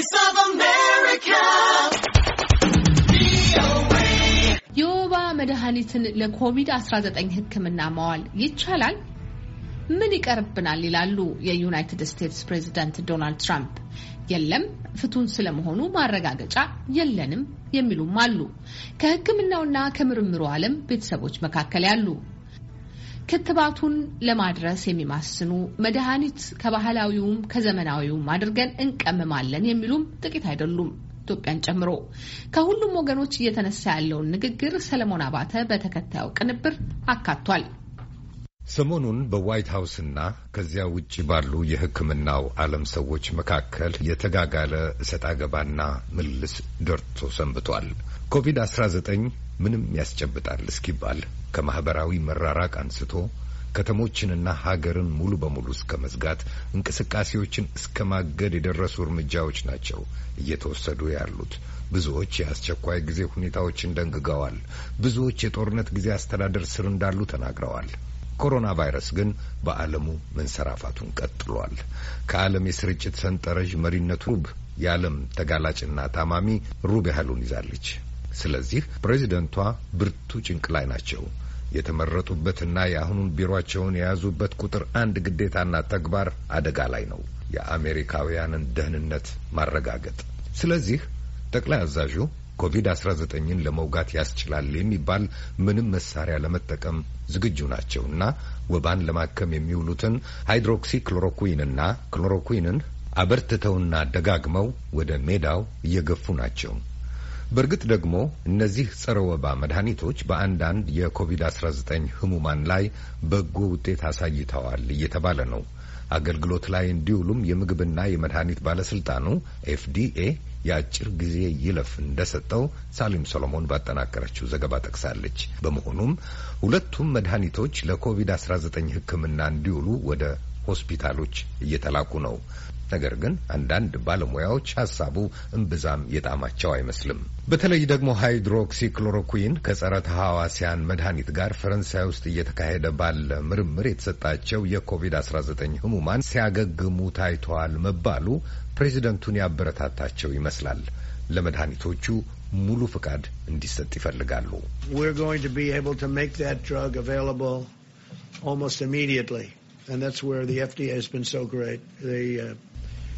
Voice of America. የወባ መድኃኒትን ለኮቪድ-19 ሕክምና ማዋል ይቻላል? ምን ይቀርብናል? ይላሉ የዩናይትድ ስቴትስ ፕሬዚዳንት ዶናልድ ትራምፕ። የለም ፍቱን ስለመሆኑ ማረጋገጫ የለንም የሚሉም አሉ። ከሕክምናውና ከምርምሩ ዓለም ቤተሰቦች መካከል ያሉ ክትባቱን ለማድረስ የሚማስኑ መድኃኒት ከባህላዊውም ከዘመናዊውም አድርገን እንቀምማለን የሚሉም ጥቂት አይደሉም። ኢትዮጵያን ጨምሮ ከሁሉም ወገኖች እየተነሳ ያለውን ንግግር ሰለሞን አባተ በተከታዩ ቅንብር አካቷል። ሰሞኑን በዋይት ሀውስና ከዚያ ውጭ ባሉ የሕክምናው ዓለም ሰዎች መካከል የተጋጋለ እሰጣ ገባና ምልልስ ደርቶ ሰንብቷል። ኮቪድ-19 ምንም ያስጨብጣል እስኪባል ከማኅበራዊ መራራቅ አንስቶ ከተሞችንና ሀገርን ሙሉ በሙሉ እስከ መዝጋት እንቅስቃሴዎችን እስከ ማገድ የደረሱ እርምጃዎች ናቸው እየተወሰዱ ያሉት። ብዙዎች የአስቸኳይ ጊዜ ሁኔታዎችን ደንግገዋል። ብዙዎች የጦርነት ጊዜ አስተዳደር ስር እንዳሉ ተናግረዋል። ኮሮና ቫይረስ ግን በዓለሙ መንሰራፋቱን ቀጥሏል። ከዓለም የስርጭት ሰንጠረዥ መሪነቱ ሩብ የዓለም ተጋላጭና ታማሚ ሩብ ያህሉን ይዛለች። ስለዚህ ፕሬዚደንቷ ብርቱ ጭንቅ ላይ ናቸው። የተመረጡበትና የአሁኑን ቢሮአቸውን የያዙበት ቁጥር አንድ ግዴታና ተግባር አደጋ ላይ ነው፣ የአሜሪካውያንን ደህንነት ማረጋገጥ። ስለዚህ ጠቅላይ አዛዡ ኮቪድ-19ን ለመውጋት ያስችላል የሚባል ምንም መሳሪያ ለመጠቀም ዝግጁ ናቸውና ወባን ለማከም የሚውሉትን ሃይድሮክሲ ክሎሮኩዊንና ክሎሮኩዊንን አበርትተውና ደጋግመው ወደ ሜዳው እየገፉ ናቸው። በእርግጥ ደግሞ እነዚህ ጸረ ወባ መድኃኒቶች በአንዳንድ የኮቪድ-19 ህሙማን ላይ በጎ ውጤት አሳይተዋል እየተባለ ነው። አገልግሎት ላይ እንዲውሉም የምግብና የመድኃኒት ባለስልጣኑ ኤፍዲኤ የአጭር ጊዜ ይለፍ እንደሰጠው ሳሊም ሰሎሞን ባጠናቀረችው ዘገባ ጠቅሳለች። በመሆኑም ሁለቱም መድኃኒቶች ለኮቪድ-19 ሕክምና እንዲውሉ ወደ ሆስፒታሎች እየተላኩ ነው። ነገር ግን አንዳንድ ባለሙያዎች ሀሳቡ እምብዛም የጣማቸው አይመስልም። በተለይ ደግሞ ሃይድሮክሲ ክሎሮኩዊን ከጸረ ተሐዋስያን መድኃኒት ጋር ፈረንሳይ ውስጥ እየተካሄደ ባለ ምርምር የተሰጣቸው የኮቪድ-19 ህሙማን ሲያገግሙ ታይተዋል መባሉ ፕሬዚደንቱን ያበረታታቸው ይመስላል። ለመድኃኒቶቹ ሙሉ ፍቃድ እንዲሰጥ ይፈልጋሉ።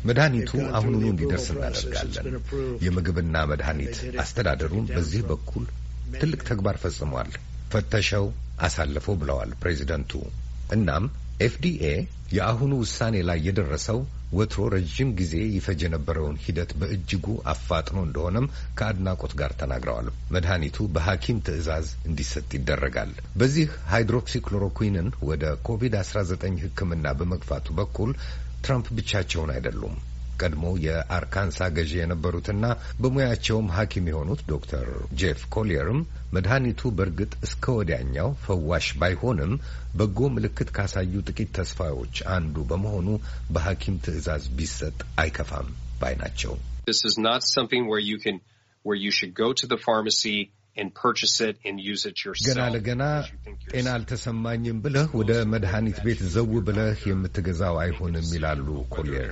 መድኃኒቱ አሁኑኑ እንዲደርስ እናደርጋለን። የምግብና መድኃኒት አስተዳደሩን በዚህ በኩል ትልቅ ተግባር ፈጽሟል። ፈተሸው አሳልፎ ብለዋል ፕሬዚደንቱ። እናም ኤፍዲኤ የአሁኑ ውሳኔ ላይ የደረሰው ወትሮ ረዥም ጊዜ ይፈጅ የነበረውን ሂደት በእጅጉ አፋጥኖ እንደሆነም ከአድናቆት ጋር ተናግረዋል። መድኃኒቱ በሐኪም ትዕዛዝ እንዲሰጥ ይደረጋል። በዚህ ሃይድሮክሲክሎሮኩዊንን ወደ ኮቪድ-19 ሕክምና በመግፋቱ በኩል ትራምፕ ብቻቸውን አይደሉም። ቀድሞ የአርካንሳ ገዢ የነበሩትና በሙያቸውም ሐኪም የሆኑት ዶክተር ጄፍ ኮሊየርም መድኃኒቱ በእርግጥ እስከ ወዲያኛው ፈዋሽ ባይሆንም በጎ ምልክት ካሳዩ ጥቂት ተስፋዎች አንዱ በመሆኑ በሐኪም ትዕዛዝ ቢሰጥ አይከፋም ባይ ናቸው። ገና ለገና ጤና አልተሰማኝም ብለህ ወደ መድኃኒት ቤት ዘው ብለህ የምትገዛው አይሆንም ይላሉ ኮሌር።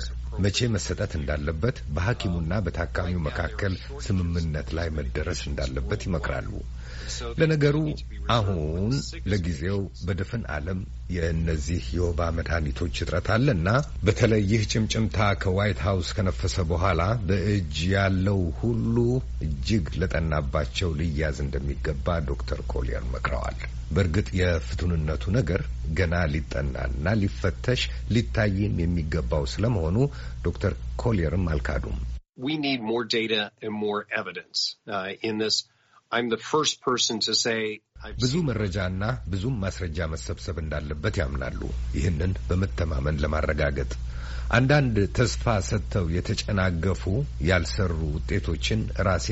መቼ መሰጠት እንዳለበት በሐኪሙና በታካሚው መካከል ስምምነት ላይ መደረስ እንዳለበት ይመክራሉ። ለነገሩ አሁን ለጊዜው በድፍን ዓለም የእነዚህ የወባ መድኃኒቶች እጥረት አለ እና በተለይ ይህ ጭምጭምታ ከዋይት ሀውስ ከነፈሰ በኋላ በእጅ ያለው ሁሉ እጅግ ለጠናባቸው ሊያዝ እንደሚገባ ዶክተር ኮሊየር መክረዋል። በእርግጥ የፍቱንነቱ ነገር ገና ሊጠናና ሊፈተሽ ሊታይም የሚገባው ስለመሆኑ ዶክተር ኮሊየርም አልካዱም። We need more data and more evidence. Uh, in this, I'm the first person to say ብዙ መረጃና ብዙም ማስረጃ መሰብሰብ እንዳለበት ያምናሉ። ይህንን በመተማመን ለማረጋገጥ አንዳንድ ተስፋ ሰጥተው የተጨናገፉ ያልሰሩ ውጤቶችን ራሴ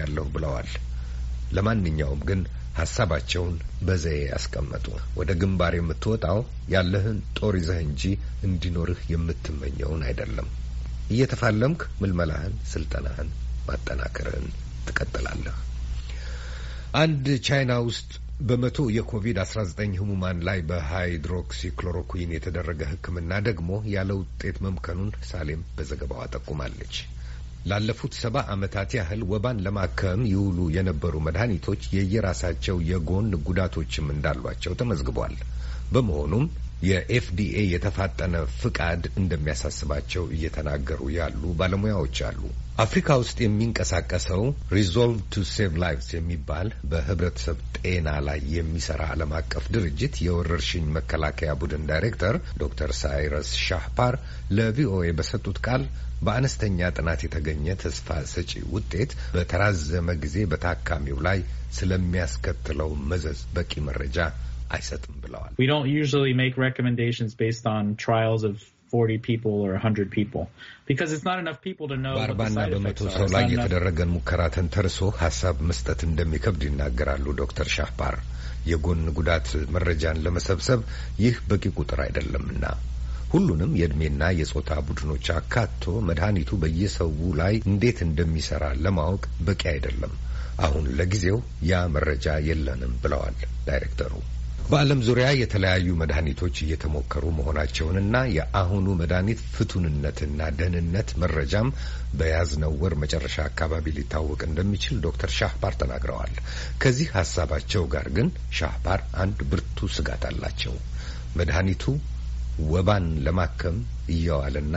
ያለሁ ብለዋል። ለማንኛውም ግን ሀሳባቸውን በዘዬ ያስቀመጡ ወደ ግንባር የምትወጣው ያለህን ጦር ይዘህ እንጂ እንዲኖርህ የምትመኘውን አይደለም። እየተፋለምክ ምልመላህን፣ ስልጠናህን ማጠናከርህን ትቀጥላለህ። አንድ ቻይና ውስጥ በመቶ የኮቪድ-19 ህሙማን ላይ በሃይድሮክሲክሎሮኩዊን የተደረገ ሕክምና ደግሞ ያለ ውጤት መምከኑን ሳሌም በዘገባዋ ጠቁማለች። ላለፉት ሰባ ዓመታት ያህል ወባን ለማከም ይውሉ የነበሩ መድኃኒቶች የየራሳቸው የጎን ጉዳቶችም እንዳሏቸው ተመዝግቧል። በመሆኑም የኤፍዲኤ የተፋጠነ ፍቃድ እንደሚያሳስባቸው እየተናገሩ ያሉ ባለሙያዎች አሉ። አፍሪካ ውስጥ የሚንቀሳቀሰው ሪዞልቭ ቱ ሴቭ ላይቭስ የሚባል በህብረተሰብ ጤና ላይ የሚሰራ ዓለም አቀፍ ድርጅት የወረርሽኝ መከላከያ ቡድን ዳይሬክተር ዶክተር ሳይረስ ሻህፓር ለቪኦኤ በሰጡት ቃል በአነስተኛ ጥናት የተገኘ ተስፋ ሰጪ ውጤት በተራዘመ ጊዜ በታካሚው ላይ ስለሚያስከትለው መዘዝ በቂ መረጃ አይሰጥም ብለዋል። We don't usually make recommendations based on trials of 40 people or 100 people because it's not enough people to know በአርባና በመቶ ሰው ላይ የተደረገን ሙከራ ተንተርሶ ሀሳብ መስጠት እንደሚከብድ ይናገራሉ ዶክተር ሻህባር። የጎን ጉዳት መረጃን ለመሰብሰብ ይህ በቂ ቁጥር አይደለምና ሁሉንም የእድሜና የጾታ ቡድኖች አካቶ መድኃኒቱ በየሰው ላይ እንዴት እንደሚሰራ ለማወቅ በቂ አይደለም። አሁን ለጊዜው ያ መረጃ የለንም ብለዋል ዳይሬክተሩ። በዓለም ዙሪያ የተለያዩ መድኃኒቶች እየተሞከሩ መሆናቸውንና የአሁኑ መድኃኒት ፍቱንነትና ደህንነት መረጃም በያዝነው ወር መጨረሻ አካባቢ ሊታወቅ እንደሚችል ዶክተር ሻህባር ተናግረዋል። ከዚህ ሀሳባቸው ጋር ግን ሻህባር አንድ ብርቱ ስጋት አላቸው። መድኃኒቱ ወባን ለማከም እየዋለና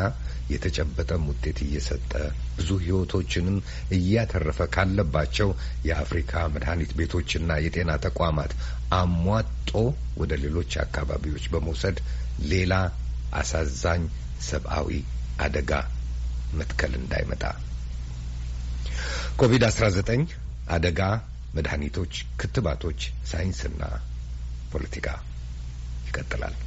የተጨበጠም ውጤት እየሰጠ ብዙ ሕይወቶችንም እያተረፈ ካለባቸው የአፍሪካ መድኃኒት ቤቶችና የጤና ተቋማት አሟጦ ወደ ሌሎች አካባቢዎች በመውሰድ ሌላ አሳዛኝ ሰብአዊ አደጋ መትከል እንዳይመጣ ኮቪድ-19 አደጋ፣ መድኃኒቶች፣ ክትባቶች፣ ሳይንስና ፖለቲካ ይቀጥላል።